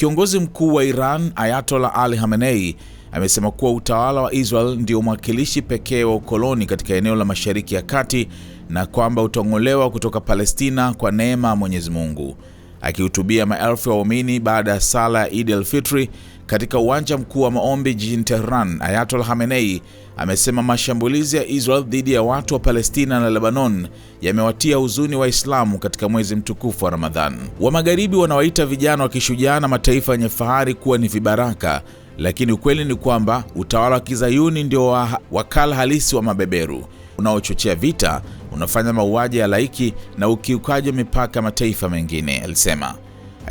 Kiongozi mkuu wa Iran Ayatollah Ali Khamenei amesema kuwa utawala wa Israel ndio mwakilishi pekee wa ukoloni katika eneo la Mashariki ya Kati na kwamba utang'olewa kutoka Palestina kwa neema ya Mwenyezi Mungu. Akihutubia maelfu ya waumini baada ya sala ya Eid al-Fitr katika uwanja mkuu wa maombi jijini Tehran, Ayatollah Khamenei amesema mashambulizi ya Israel dhidi ya watu wa Palestina na Lebanon yamewatia huzuni Waislamu katika mwezi mtukufu wa Ramadhan. Wa Magharibi wanawaita vijana wa kishujaa na mataifa yenye fahari kuwa ni vibaraka, lakini ukweli ni kwamba utawala wa kizayuni ndio wa wakala halisi wa mabeberu unaochochea vita, unafanya mauaji ya laiki na ukiukaji wa mipaka mataifa mengine, alisema.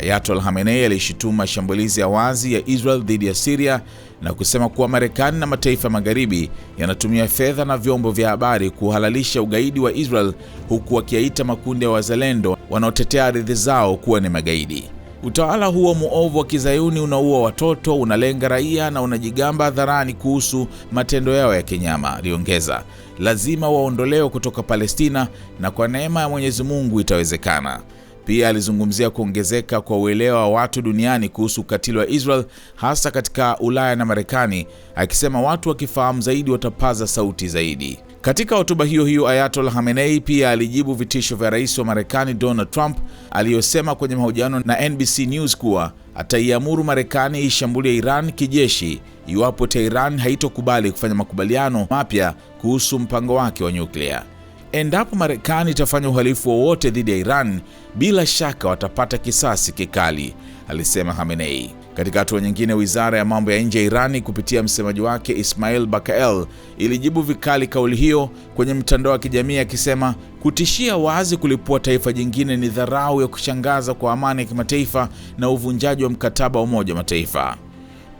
Ayatollah Khamenei alishituma shambulizi ya wazi ya Israel dhidi ya Syria na kusema kuwa Marekani na mataifa magharibi yanatumia fedha na vyombo vya habari kuhalalisha ugaidi wa Israel huku wakiaita makundi ya wazalendo wanaotetea ardhi zao kuwa ni magaidi. Utawala huo muovu wa kizayuni unaua watoto, unalenga raia na unajigamba hadharani kuhusu matendo yao ya kinyama, aliongeza. Lazima waondolewe kutoka Palestina na kwa neema ya Mwenyezi Mungu itawezekana. Pia alizungumzia kuongezeka kwa uelewa wa watu duniani kuhusu ukatili wa Israel hasa katika Ulaya na Marekani, akisema watu wakifahamu zaidi watapaza sauti zaidi. Katika hotuba hiyo hiyo, Ayatollah Khamenei pia alijibu vitisho vya rais wa Marekani Donald Trump aliyosema kwenye mahojiano na NBC News kuwa ataiamuru Marekani ishambulie Iran kijeshi iwapo Tehran haitokubali kufanya makubaliano mapya kuhusu mpango wake wa nyuklia. Endapo Marekani itafanya uhalifu wowote dhidi ya Iran, bila shaka watapata kisasi kikali, alisema Khamenei. Katika hatua nyingine, wizara ya mambo ya nje ya Irani kupitia msemaji wake Ismail Bakael ilijibu vikali kauli hiyo kwenye mtandao wa kijamii akisema, kutishia wazi kulipua taifa jingine ni dharau ya kushangaza kwa amani ya kimataifa na uvunjaji wa mkataba wa Umoja wa Mataifa.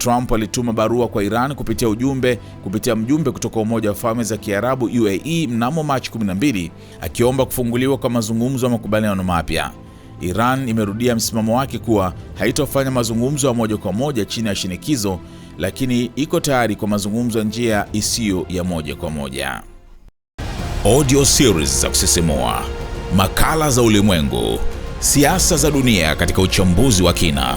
Trump alituma barua kwa Iran kupitia ujumbe kupitia mjumbe kutoka Umoja wa Falme za Kiarabu UAE mnamo Machi 12 akiomba kufunguliwa kwa mazungumzo ya makubaliano mapya. Iran imerudia msimamo wake kuwa haitofanya mazungumzo ya moja kwa moja chini ya shinikizo, lakini iko tayari kwa mazungumzo ya njia isiyo ya moja kwa moja. Audio series za kusisimua, makala za ulimwengu, siasa za dunia katika uchambuzi wa kina